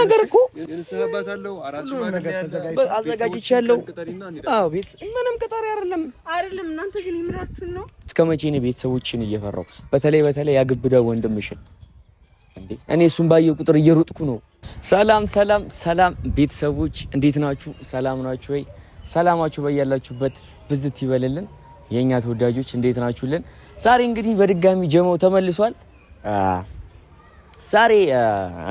ነገር እኮ አዘጋጅቻለሁ። አዎ ቤት ምንም ቅጠሪ አይደለም አይደለም። እናንተ ግን ይምራችሁን ነው። እስከ መቼ ነው ቤተሰቦችን እየፈራው? በተለይ በተለይ ያግብዳ ወንድምሽን እንዴ! እኔ እሱን ባየው ቁጥር እየሮጥኩ ነው። ሰላም ሰላም ሰላም ቤተሰቦች፣ እንዴት ናችሁ? ሰላም ናችሁ ወይ? ሰላማችሁ በያላችሁበት ብዝት ይበልልን። የእኛ ተወዳጆች እንዴት ናችሁልን? ዛሬ እንግዲህ በድጋሚ ጀመው ተመልሷል። ዛሬ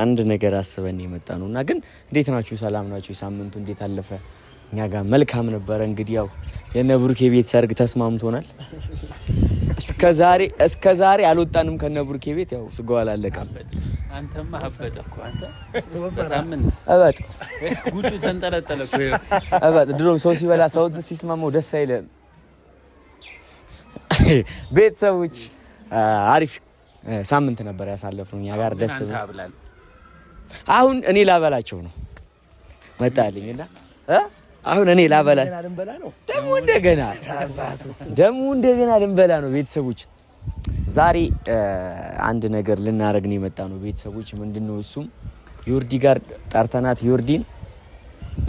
አንድ ነገር አስበን የመጣ ነው እና ግን እንዴት ናችሁ? ሰላም ናችሁ? የሳምንቱ እንዴት አለፈ? እኛ ጋር መልካም ነበረ። እንግዲህ ያው የነ ብሩኬ ቤት ሰርግ ተስማምቶናል። እስከ ዛሬ አልወጣንም ከነ ብሩኬ ቤት። ያው ስጋው አላለቀም። አንተማ አበጠ እኮ አንተ በሳምንት አበጥ ጉጩ ተንጠለጠለ እኮ አበጥ። ድሮም ሰው ሲበላ ሰው ሲስማመው ደስ አይለም ቤተሰቦች አሪፍ ሳምንት ነበር ያሳለፍነው እኛ ጋር ደስ ብሎ። አሁን እኔ ላበላቸው ነው መጣልኝ እና አሁን እኔ ላበላ ደግሞ እንደገና ደግሞ እንደገና ልንበላ ነው። ቤተሰቦች ዛሬ አንድ ነገር ልናደርግ ነው የመጣ ነው ቤተሰቦች። ምንድን ነው እሱም ዮርዲ ጋር ጠርተናት ዮርዲን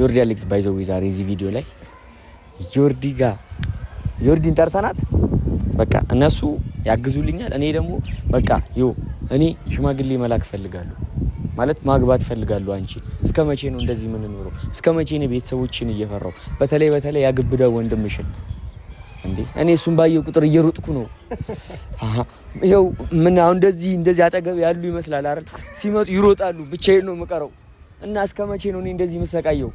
ዮርዲ አሌክስ ባይዘዌ ዛሬ እዚህ ቪዲዮ ላይ ዮርዲ ጋር ዮርዲን ጠርተናት በቃ እነሱ ያግዙልኛል። እኔ ደግሞ በቃ ዮ እኔ ሽማግሌ መላክ እፈልጋለሁ ማለት ማግባት እፈልጋለሁ። አንቺ እስከ መቼ ነው እንደዚህ የምንኖረው? እስከ መቼ ነው ቤተሰቦችን እየፈራው? በተለይ በተለይ ያግብዳ ወንድምሽን እንዴ! እኔ እሱን ባየው ቁጥር እየሮጥኩ ነው። ይኸው ምን አሁን እንደዚህ እንደዚህ አጠገብ ያሉ ይመስላል አይደል? ሲመጡ ይሮጣሉ። ብቻዬን ነው የምቀረው እና እስከ መቼ ነው እኔ እንደዚህ የምሰቃየው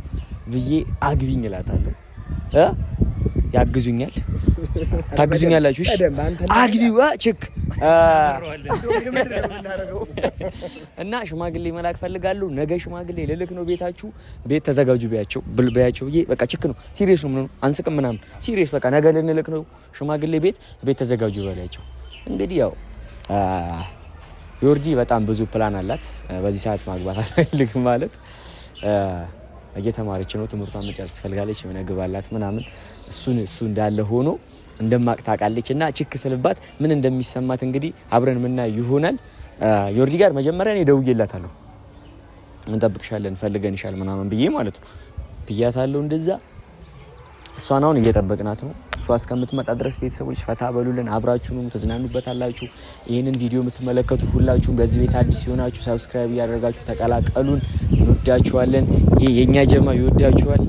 ብዬ አግቢኝ እላታለሁ። ያግዙኛል ታግዙኛላችሁ። እሺ አግቢዋ ችክ እና ሽማግሌ መላክ ፈልጋለሁ። ነገ ሽማግሌ ልልክ ነው። ቤታችሁ ቤት ተዘጋጁ በያቸው ብል በያቸው ብዬ በቃ ችክ ነው። ሲሪየስ ነው ምንም አንስቅም ምናምን ሲሪየስ በቃ ነገ ልንልክ ነው ሽማግሌ ቤት ቤት ተዘጋጁ በላቸው። እንግዲህ ያው ዮርጂ በጣም ብዙ ፕላን አላት። በዚህ ሰዓት ማግባት አልፈልግም ማለት እየተማረች ነው፣ ትምህርቷን መጨረስ ፈልጋለች፣ የሆነ ግብ አላት ምናምን። እሱን እሱ እንዳለ ሆኖ እንደማቅ ታውቃለች። እና ችክ ስልባት ምን እንደሚሰማት እንግዲህ አብረን ምናየው ይሆናል። ዮርዲ ጋር መጀመሪያ እኔ ደውዬላታለሁ፣ እንጠብቅሻለን፣ ፈልገንሻል ምናምን ብዬ ማለት ነው ብያታለሁ። እንደዛ እሷን አሁን እየጠበቅናት ነው። እሷ እስከምትመጣ ድረስ ቤተሰቦች ፈታ በሉልን፣ አብራችሁኑ ተዝናኑበታላችሁ። ይህንን ቪዲዮ የምትመለከቱ ሁላችሁም በዚህ ቤት አዲስ የሆናችሁ ሰብስክራይብ እያደረጋችሁ ተቀላቀሉን። እንወዳችኋለን። ይህ የእኛ ጀማ ይወዳችኋል።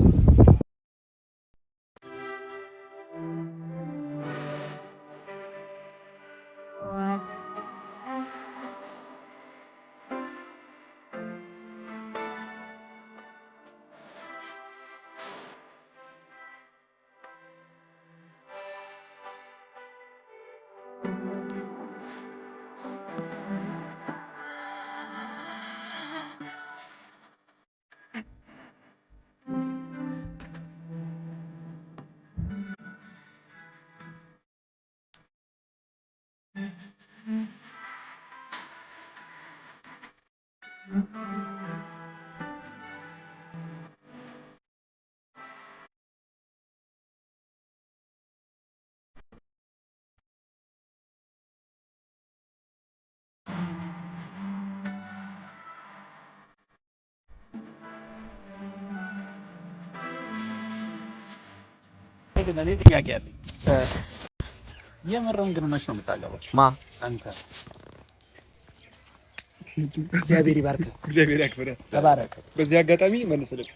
ግን እኔ ጥያቄ አለኝ። የምርም ግን መች ነው የምታገባው? ማ አንተ? እግዚአብሔር ይባርክ፣ እግዚአብሔር ያክብረ፣ ተባረክ። በዚህ አጋጣሚ መልስልህ፣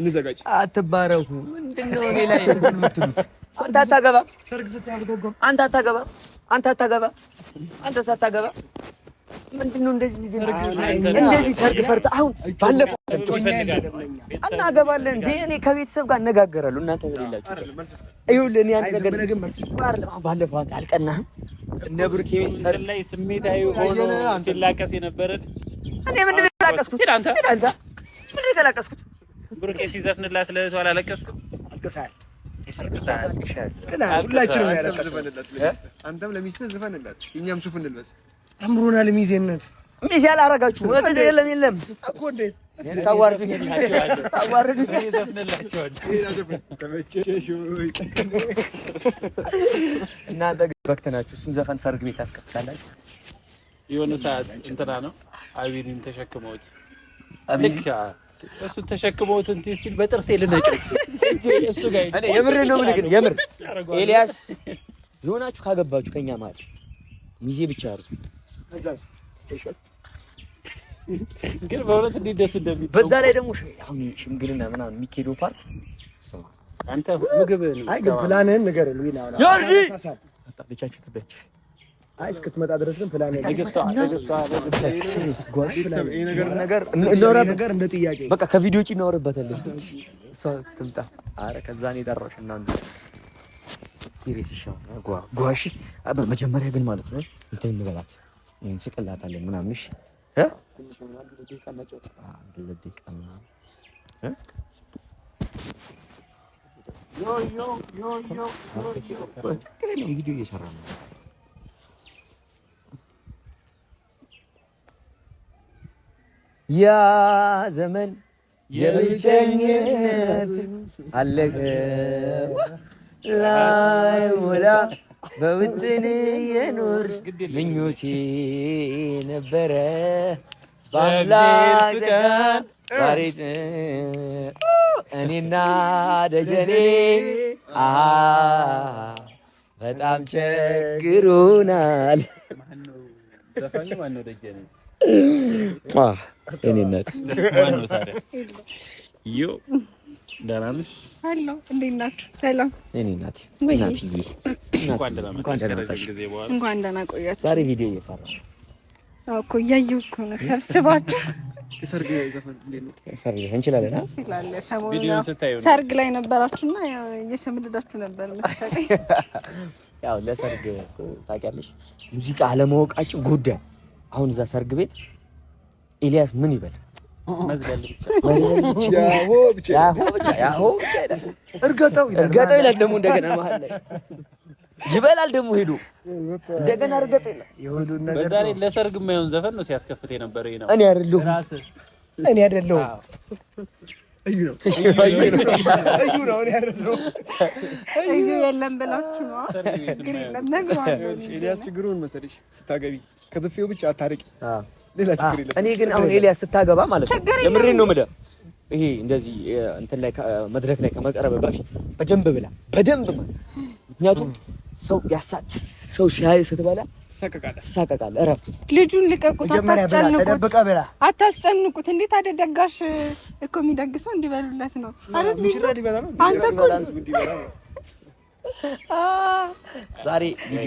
እንዘጋጅ። አትባረኩ። ምንድን ነው እኔ ላይ አንተ አታገባ፣ አንተ አታገባ፣ አንተ አታገባ፣ አንተ ሳታገባ ምንድነው እንደዚህ እንደዚህ ሰርግ ፈርተህ አሁን ባለፈው እናገባለን እኔ ከቤተሰብ ጋር እነጋገራለሁ። እናንተ በሌላችሁ ባለፈው አልቀናህም። እነ ብሩኬ ቤት ሰርግ ላይ ስሜታዊ ሆኖ ሲላቀስ የነበረ እኔ ምንድን ነው የተላቀስኩት? ምንድን ነው የተላቀስኩት? ብሩኬ ሲዘፍንላት ለእህቱ አላለቀስኩም። አልቅሳል ሁላችንም ያለቀስ። አንተም ለሚስትህ ዝፈንላት፣ እኛም ሱፍ እንልበስ አምሮናል። ሚዜነት ሚዜ አላረጋችሁ የለም የለም እኮ እንዴት ታዋርዱኝ ታዋርዱኝ። እናንተ እሱን ዘፈን ሰርግ ቤት አስከፍታላችሁ። የሆነ ሰዓት እንትና ነው አቤሊን ተሸክመውት ልክ ተሸክመውት እንትን ሲል በጥርሴ ልነጨው የምር ነው የምልህ ግን የምር ኤልያስ የሆናችሁ ካገባችሁ ከኛ ማለት ሚዜ ብቻ አድርጉ እዛስ ግን በእውነት እንዴት ደስ እንደሚል በዛ ላይ ደግሞ አሁን ሽምግልና ምናምን የሚኬደው ፓርት አንተ ምግብ አይ ግን ፕላንህን ንገረን። አይ እስክትመጣ ድረስ ግን ፕላን ነገር እንደ ጥያቄ በቃ ከቪዲዮ ውጭ እናወራበታለን። እሷ ትምጣ። አረ ከዛ ነው የጠራሁሽ። እናንተ መጀመሪያ ግን ማለት ነው እንትን እንበላት ይህን ምናምን ምናምንሽ ሌላም ቪዲዮ እየሰራ ነው። ያ ዘመን የብቸኝነት አለቀ ላይ በውጥን የኖር ምኞቴ ነበረ በአምላክ ባሬት እኔና ደጀኔ በጣም ቸግሮናል። እኔነት ደህና ነሽ? ሰላም እኔ ናት ናትዬ እንኳን ደህና ቆያችሁ። ዛሬ ቪዲዮ እኮ እያየሁ እኮ ነው። ሰብስባችሁ ሰርግ እንችላለን። ሰርግ ላይ ነበራችሁና እየሸምድዳችሁ ነበር። ያው ለሰርግ ታውቂያለሽ፣ ሙዚቃ ጉዳይ አሁን እዛ ሰርግ ቤት ኤልያስ ምን ይበል እርገጠው ይላል ደግሞ እንደገና መሀል ላይ ይበላል ደግሞ ሄዶ እንደገና እርገጥ የለም። በዛ ላይ ለሰርግ የማይሆን ዘፈን ነው ሲያስከፍት የነበረ ነው። እኔ አይደለሁም እኔ አይደለሁም እዩ ነው እዩ ነው እኔ አይደለሁም እዩ የለም ብላችሁ ነው። ችግር የለም ነግሯል። ኤልያስ ችግሩን መሰለሽ ስታገቢ ከብፌው ብቻ አታርቂ፣ ሌላ ችግር የለም። እኔ ግን አሁን ኤልያስ ስታገባ ማለት ነው የምሬን ነው የምልህ ይሄ እንደዚህ እንትን ላይ መድረክ ላይ ከመቅረብ በፊት በደንብ ብላ በደንብ ምክንያቱም ሰው ያሳት ሰው ሲያይ ስትበላ ትሳቀቃለህ። እረፍ፣ ልጁን ልቀቁት፣ አታስጨንቁት፣ አታስጨንቁት። እንዴት አደ ደጋሽ እኮ የሚደግሰው እንዲበሉለት ነው። አንተ ዛሬ ዛሬ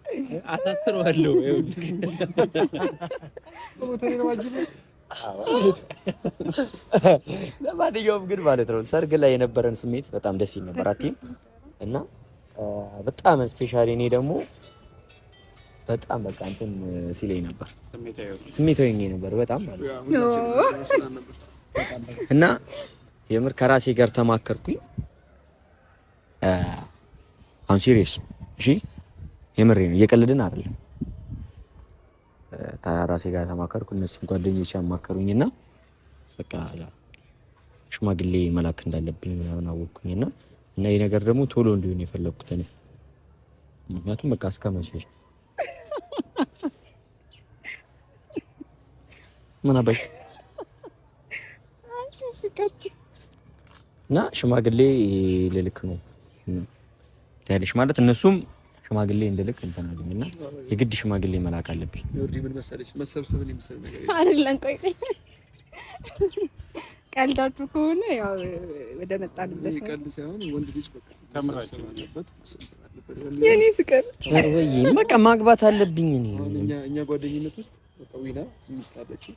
አሳስረዋለሁ። ለማንኛውም ግን ማለት ነው ሰርግ ላይ የነበረን ስሜት በጣም ደስ ይል ነበር አትይም? እና በጣም ስፔሻሊ እኔ ደግሞ በጣም በቃ እንትን ሲለኝ ነበር ስሜታዊ ሆኜ ነበር በጣም እና የምር ከራሴ ጋር ተማከርኩኝ። አም ሲሪየስ እሺ የምሬ ነው፣ እየቀለድን አይደለም። ራሴ ጋር ተማከርኩ፣ እነሱን ጓደኞች ያማከሩኝና በቃ ሽማግሌ መላክ እንዳለብኝ ምናምን አወቅኩኝና እና ይህ ነገር ደግሞ ቶሎ እንዲሆን የፈለግኩት እኔ ምክንያቱም በቃ እስከ መቼ ምናበሽ እና ሽማግሌ ልልክ ነው ያለሽ ማለት እነሱም ሽማግሌ እንድልክ እንትን የግድ ሽማግሌ መላክ አለብኝ። ቀልዳችሁ ከሆነ ያው ወደ መጣንበት የኔ ፍቅር ወይ በቃ ማግባት አለብኝ። እኛ ጓደኝነት ውስጥ ዊና ሚስት አለችው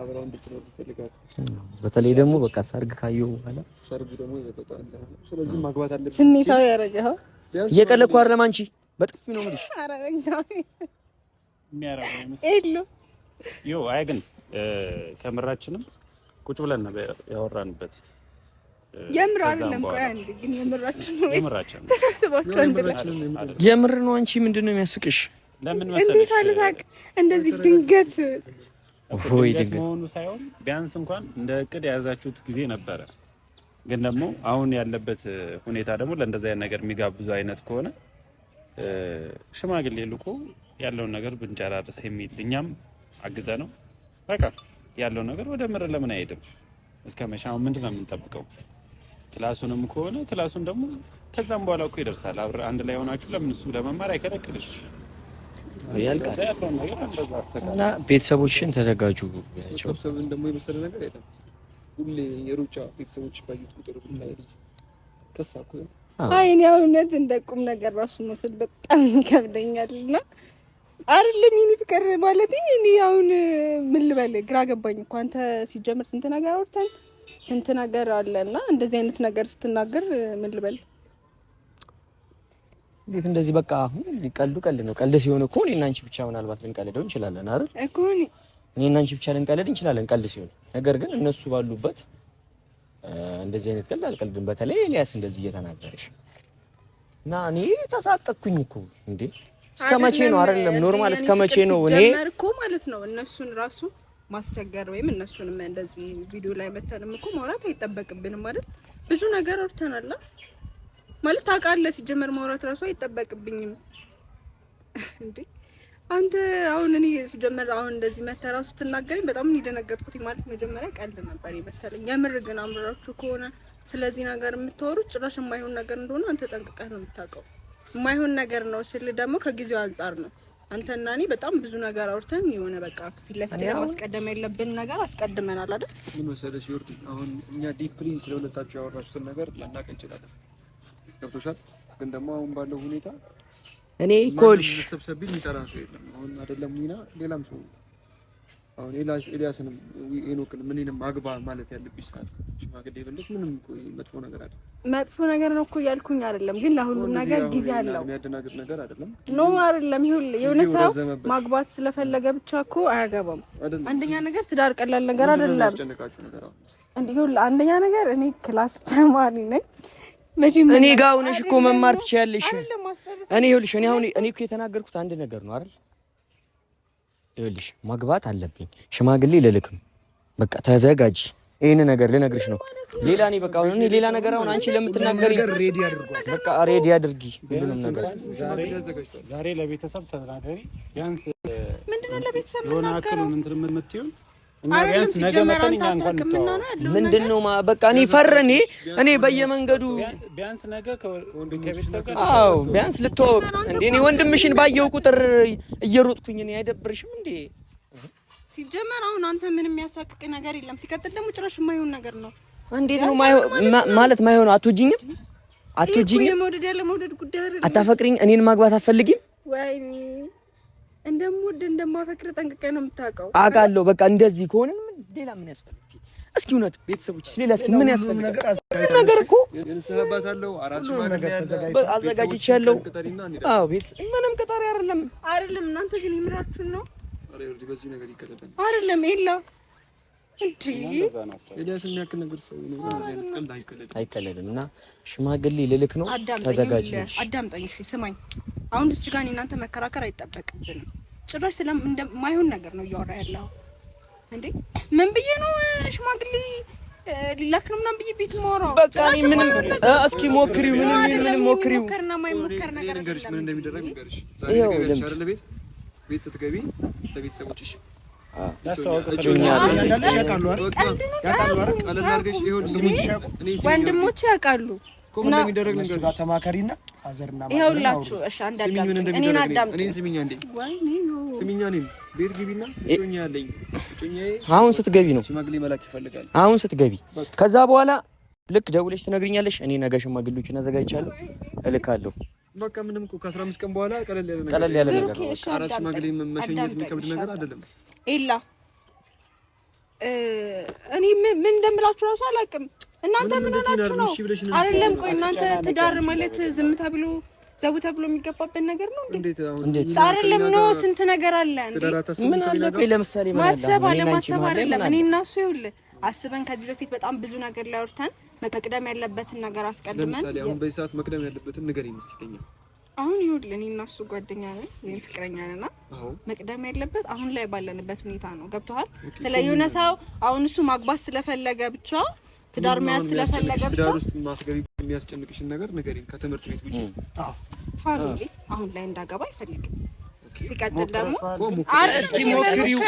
አብረው እንድትኖር ይፈልጋል። በተለይ ደግሞ በቃ ሰርግ ካየሁ በኋላ ሰርግ ደግሞ ስለዚህ ማግባት አለብኝ ስሜታዊ ያረጀኸው እየቀለድኩ አይደለም። አንቺ በጥፊ ነው የምልሽ። አይ ግን ከምራችንም ቁጭ ብለን አይደለም። ግን ነው ተሰብስባችሁ የምር ነው። አንቺ ምንድን ነው የሚያስቅሽ? እንዴት አልሳቅ? እንደዚህ ድንገት ድንገት መሆኑ ሳይሆን ቢያንስ እንኳን እንደ እቅድ የያዛችሁት ጊዜ ነበረ ግን ደግሞ አሁን ያለበት ሁኔታ ደግሞ ለእንደዚህ አይነት ነገር የሚጋብዙ አይነት ከሆነ ሽማግሌ ልኮ ያለውን ነገር ብንጨራርስ የሚል እኛም አግዘ ነው በቃ ያለው ነገር ወደ ምር ለምን አይሄድም? እስከ መሻው ምንድን ነው የምንጠብቀው? ክላሱንም ከሆነ ክላሱን ደግሞ ከዛም በኋላ እኮ ይደርሳል። አብረ አንድ ላይ ሆናችሁ ለምን እሱ ለመማር አይከለክልሽ? ያልቃል ቤተሰቦችሽን ተዘጋጁ። ሰብሰብን ደግሞ የመሰለ ነገር የለም ሁሌ የሩጫ ቤተሰቦች ባየሁት ቁጥር ከሳኩ። አይ እኔ እውነት እንደ ቁም ነገር ራሱ መውሰድ በጣም ይከብደኛል እና አይደለም ይህን ፍቅር ማለት እኔ አሁን ምን ልበል ግራ ገባኝ እኮ። አንተ ሲጀምር ስንት ነገር አውርተን ስንት ነገር አለ እና እንደዚህ አይነት ነገር ስትናገር ምን ልበል እንዴት እንደዚህ በቃ አሁን ቀልዱ ቀልድ ነው። ቀልድ ሲሆን እኮ እኔ እና አንቺ ብቻ ምናልባት ልንቀልደው እንችላለን አይደል እኮ እኔ እና አንቺ ብቻ ልንቀልድ እንችላለን፣ ቀልድ ሲሆን ነገር ግን እነሱ ባሉበት እንደዚህ አይነት ቀልድ አልቀልድም። በተለይ ኤልያስ እንደዚህ እየተናገረሽ እና እኔ ተሳቀኩኝ እኮ እንዴ! እስከ መቼ ነው አይደለም ኖርማል፣ እስከ መቼ ነው እኔ ጀመርኩ ማለት ነው እነሱን ራሱ ማስቸገር ወይም እነሱንም እንደዚህ ቪዲዮ ላይ መተንም እኮ ማውራት አይጠበቅብንም አይደል? ብዙ ነገር አውርተናል ማለት ታውቃለህ። ሲጀመር ማውራት ራሱ አይጠበቅብኝም እንዴ አንተ አሁን እኔ ስጀመር አሁን እንደዚህ መተራሱ ስትናገረኝ በጣም እንደነገጥኩት ማለት መጀመሪያ ቀልድ ነበር ይመስለኝ። የምር ግን አምራችሁ ከሆነ ስለዚህ ነገር የምታወሩት ጭራሽ የማይሆን ነገር እንደሆነ አንተ ጠንቅቀህ ነው የምታውቀው። የማይሆን ነገር ነው ስል ደግሞ ከጊዜው አንጻር ነው። አንተና እኔ በጣም ብዙ ነገር አውርተን የሆነ በቃ ፊት ለፊት ማስቀደም የለብን ነገር አስቀድመናል አይደል? ምን መሰለሽ ይወርድ አሁን እኛ ዲፕሊ ስለሁለታችሁ ያወራችሁትን ነገር ላናቀ እንችላለን። ገብቶሻል። ግን ደግሞ አሁን ባለው ሁኔታ እኔ ኮልሽ ሰብሰብኝ ይጠራ ሰው የለም። አሁን አይደለም ሚና ሌላም ሰው አሁን ኤልያስ ኤልያስንም ኤኖክን ምንንም አግባ ማለት ያለብኝ ሰዓት ሽማግሌ ብለሽ ምንም መጥፎ ነገር አይደለም። መጥፎ ነገር ነው እኮ እያልኩኝ አይደለም፣ ግን ለሁሉም ነገር ጊዜ አለው። የሚያደናግጥ ነገር አይደለም። ኖ አይደለም። ይሁን የሆነ ሰው ማግባት ስለፈለገ ብቻ እኮ አያገባም። አንደኛ ነገር ትዳር ቀላል ነገር አይደለም። እንዲሁ አንደኛ ነገር እኔ ክላስ ተማሪ ነኝ። እኔ ጋር ሆነሽ እኮ መማር ትችያለሽ። እኔ ይኸውልሽ፣ እኔ አሁን እኔ እኮ የተናገርኩት አንድ ነገር ነው አይደል? ይኸውልሽ ማግባት አለብኝ፣ ሽማግሌ ልልክም። በቃ ተዘጋጅ፣ ይሄን ነገር ልነግርሽ ነው። ሌላ እኔ በቃ አሁን እኔ ሌላ ነገር አሁን አንቺ ለምትናገሪ በቃ ሬዲ አድርጊ ሁሉንም ነገር ዛሬ ለቤተሰብ ተናገሪ። ቢያንስ ምንድን ነው ለቤተሰብ ተናገሪ። ምንድነው? በቃ እኔ ፈረኔ እኔ በየመንገዱ አዎ፣ ቢያንስ ልተዋወቅ እንዴ። እኔ ወንድምሽን ባየው ቁጥር እየሮጥኩኝ እኔ አይደብርሽም እንዴ? ሲጀመር አሁን አንተ ምንም የሚያሳቅቅ ነገር የለም። ሲቀጥል ደግሞ ጭራሽ የማይሆን ነገር ነው። እንዴት ነው ማለት ማይሆን? አትወጂኝም? አትወጂኝም? አታፈቅሪኝ? እኔን ማግባት አትፈልጊም? እንደምወድ እንደማፈቅር ጠንቅቄ ነው የምታውቀው። አውቃለሁ። በቃ እንደዚህ ከሆነ ምን ሌላ ምን ያስፈልግ? እስኪ እውነት ቤተሰቦች ሌላ እስኪ ምን ያስፈልግ? ነገር እኮ ነገር አዘጋጅቻለሁ። ያለው ቤት ምንም ቅጠሪ አይደለም አይደለም። እናንተ ግን ይምራችሁ ነው አይደለም? የላ አይቀለልም እና ሽማግሌ ልልክ ነው። ተዘጋጅ። አዳምጠኝ፣ ስማኝ። አሁን እዚህ ጋር እናንተ መከራከር አይጠበቅብንም። ጭራሽ ስለማይሆን ነገር ነው እያወራ ያለው እንዴ። ምን ብዬ ነው ሽማግሌ ሊላክ ነው ምናምን ብዬ ቤት በቃ ምንም እስኪ ሞክሪው፣ ምንም ምንም ሞክሪው። ምን እንደሚደረግ ንገርሽ። ይሄው ቤት ስትገቢ ለቤተሰቦችሽ ወንድሞች ያውቃሉ ተማከሪና አሁን ስትገቢ ነው አሁን ስትገቢ፣ ከዛ በኋላ ልክ ደውለሽ ትነግሪኛለሽ። እኔ ነገ ሽማግሌዎችን አዘጋጅቻለሁ እልካለሁ። በቃ ምንም እኮ ከአስራ አምስት ቀን በኋላ ቀለል ያለ ነገር ቀለል ያለ ነገር አራት ሽማግሌ መሸኘት የሚከብድ ነገር አይደለም። ኤላ እኔ ምን እንደምላችሁ እራሱ አላውቅም። እናንተ ምን ሆናችሁ ነው? አይደለም ቆይ እናንተ ትዳር ማለት ዝምታ ብሎ ዘቡ ተብሎ የሚገባበት ነገር ነው እንዴ? አይደለም ነው? ስንት ነገር አለ። እንዴ? ምን አለ? ቆይ ለምሳሌ ማሰብ አለ ማሰብ አይደለም። እኔ እና እሱ ይኸውልህ አስበን ከዚህ በፊት በጣም ብዙ ነገር ላይ አውርተን መቅደም ያለበትን ነገር አስቀድመን፣ ለምሳሌ አሁን በዚህ ሰዓት መቅደም ያለበትን ነገር ይመስለኛል። አሁን ይኸውልህ እኔ እና እሱ ጓደኛ ነን፣ እኔም ፍቅረኛ ነን። መቅደም ያለበት አሁን ላይ ባለንበት ሁኔታ ነው። ገብቶሃል? ስለ የሆነ ሰው አሁን እሱ ማግባት ስለፈለገ ብቻ ትዳር መያዝ ስለፈለገ ትዳር ውስጥ ማስገቢ የሚያስጨንቅሽን ነገር ንገሪኝ። ከትምህርት ቤት ውጪ ፋሚሊ አሁን ላይ እንዳገባ አይፈልግም። ሲቀጥል ደግሞ እስኪ ሞክሪው።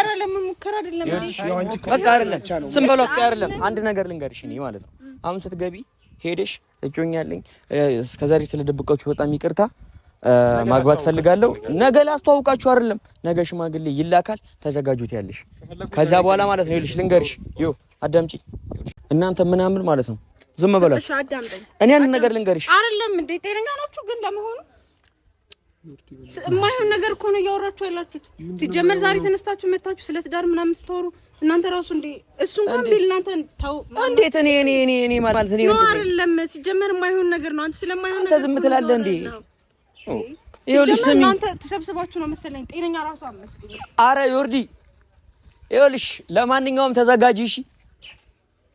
አይደለም አንድ ነገር ልንገርሽ እኔ ማለት ነው አሁን ስትገቢ ሄደሽ እጮኛለኝ እስከዛሬ በጣም ይቅርታ ማግባት ፈልጋለሁ። ነገ ላስተዋውቃችሁ አይደለም፣ ነገ ሽማግሌ ይላካል። ተዘጋጁት ያለሽ ከዛ በኋላ ማለት ነው። ይልሽ ልንገርሽ፣ ይኸው አዳምጪ። እናንተ ምናምን ማለት ነው ዝም በሏቸው። እኔ አንድ ነገር ልንገርሽ አይደለም እንዴ? ጤነኛ ናችሁ ግን ለመሆኑ የማይሆን ነገር እኮ ነው እያወራችሁ ያላችሁት። ሲጀመር ዛሬ ተነስታችሁ መታችሁ ስለ ትዳር ምናምን ስታወሩ እናንተ ራሱ እንዴ እሱ እንኳን ቢል እናንተ ታው እንዴት እኔ እኔ እኔ ማለት ነው አይደለም። ሲጀመር የማይሆን ነገር ነው። አንተ ስለማይሆን ነገር ዝም ትላለህ እንዴ? ይኸውልሽ ስሚ፣ እናንተ ተሰብስባችሁ ነው መሰለኝ ጤነኛ ራሱ አመስግኝ። አረ ዮርዲ ይኸውልሽ፣ ለማንኛውም ተዘጋጂ እሺ፣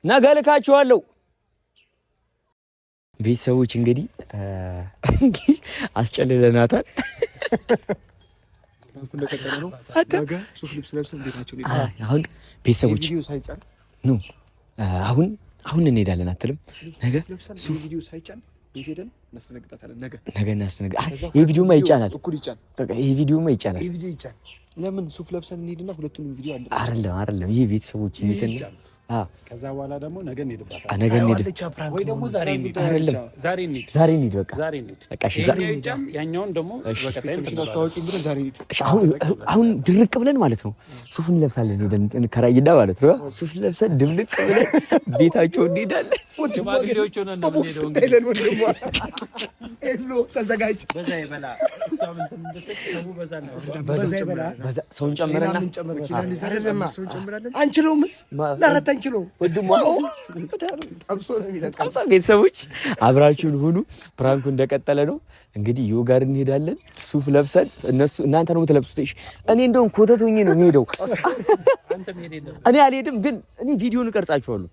ነገ ልካችኋለሁ። ቤተሰቦች እንግዲህ አስጨልለናታል። አሁን ቤተሰቦች አሁን አሁን እንሄዳለን አትልም ነገ ሱፍ ቤት ሄደን እናስደነግጣታለን። ነገ ነገ እናስደነግጣታለን። ይሄ ቪዲዮ ይጫናል እኩል ይጫናል። በቃ ይሄ ቪዲዮ ይጫናል። ይሄ ቪዲዮ ይጫናል። ለምን ሱፍ ለብሰን እንሄድና ሁለቱንም ቪዲዮ አለ አይደለም አይደለም። ይሄ ቤተሰቦች ከዛ በኋላ ደግሞ ነገ እንሄድባታል። ነገ እንሄድ ዛሬ እንሄድ። በቃ ዛሬ እንሄድ። በቃ እሺ፣ ዛሬ እንሄድ። ያኛውን ደግሞ አሁን ድርቅ ብለን ማለት ነው ሱፍ እንለብሳለን፣ ሄደን እንከራይና ማለት ነው ሱፍ ለብሰን ድብልቅ ብለን ቤታቸው እንሄዳለን። ሰውን ጨምረና አንችለውምስ ለአራተኛ አንቺ ነው ወንድሟ። ቤተሰቦች አብራችሁን ሁኑ። ፕራንኩ እንደቀጠለ ነው። እንግዲህ ይኸው ጋር እንሄዳለን። ሱፍ ለብሰን እነሱ እናንተ ነው የምትለብሱት። እሺ፣ እኔ እንደውም ኮተት ሆኜ ነው የምሄደው። እኔ አልሄድም፣ ግን እኔ ቪዲዮን እቀርጻችኋለሁ።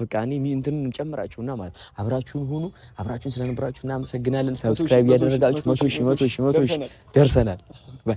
በቃ እኔ እንትን ጨምራችሁና ማለት አብራችሁን ሁኑ። አብራችሁን ስለነበራችሁ እናመሰግናለን። ሰብስክራይብ ያደረጋችሁ መቶ ሺህ መቶ ሺህ መቶ ሺህ ደርሰናል።